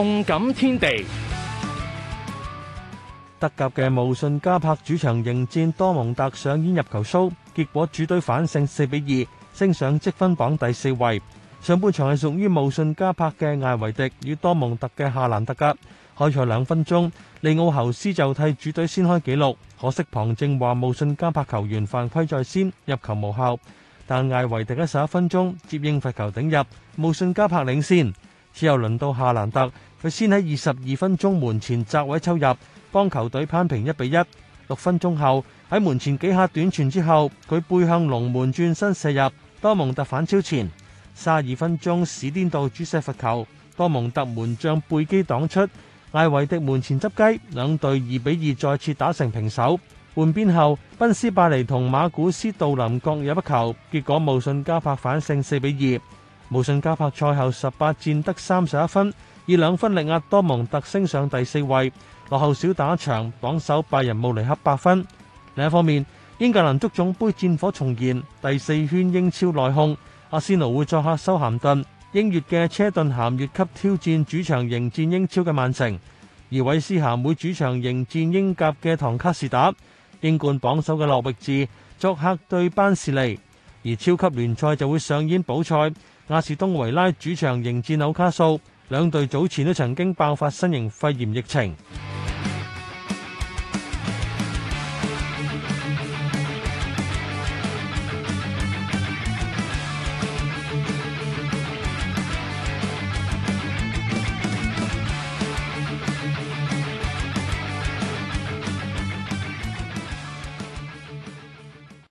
動感天地，德甲嘅慕遜加柏主場迎戰多蒙特上演入球 show，結果主隊反勝四比二，升上積分榜第四位。上半場係屬於慕遜加柏嘅艾維迪與多蒙特嘅夏蘭特吉，開賽兩分鐘，利奧侯斯就替主隊先開紀錄，可惜旁證話慕遜加柏球員犯規在先，入球無效。但艾維迪喺十一分鐘接應罰球頂入，慕遜加柏領先。之後輪到夏蘭特。佢先喺二十二分鐘門前窄位抽入，幫球隊攀平一比一。六分鐘後喺門前幾下短傳之後，佢背向龍門轉身射入。多蒙特反超前。卅二分鐘史甸道主射罰球，多蒙特門將背脊擋出。艾維迪門前執雞，兩隊二比二再次打成平手。換邊後，賓斯巴尼同馬古斯杜林各有一球，結果慕遜加柏反勝四比二。慕遜加柏賽後十八戰得三十一分，以兩分力壓多蒙特，升上第四位，落後少打一場。榜首拜仁慕尼黑八分。另一方面，英格蘭足總盃戰火重燃，第四圈英超內訌，阿仙奴會作客修咸頓，英乙嘅車頓咸越級挑戰主場迎戰英超嘅曼城。而韋斯咸會主場迎戰英甲嘅唐卡士達，英冠榜首嘅諾域治作客對班士利。而超級聯賽就會上演補賽。亞士東維拉主場迎戰紐卡素，兩隊早前都曾經爆發新型肺炎疫情。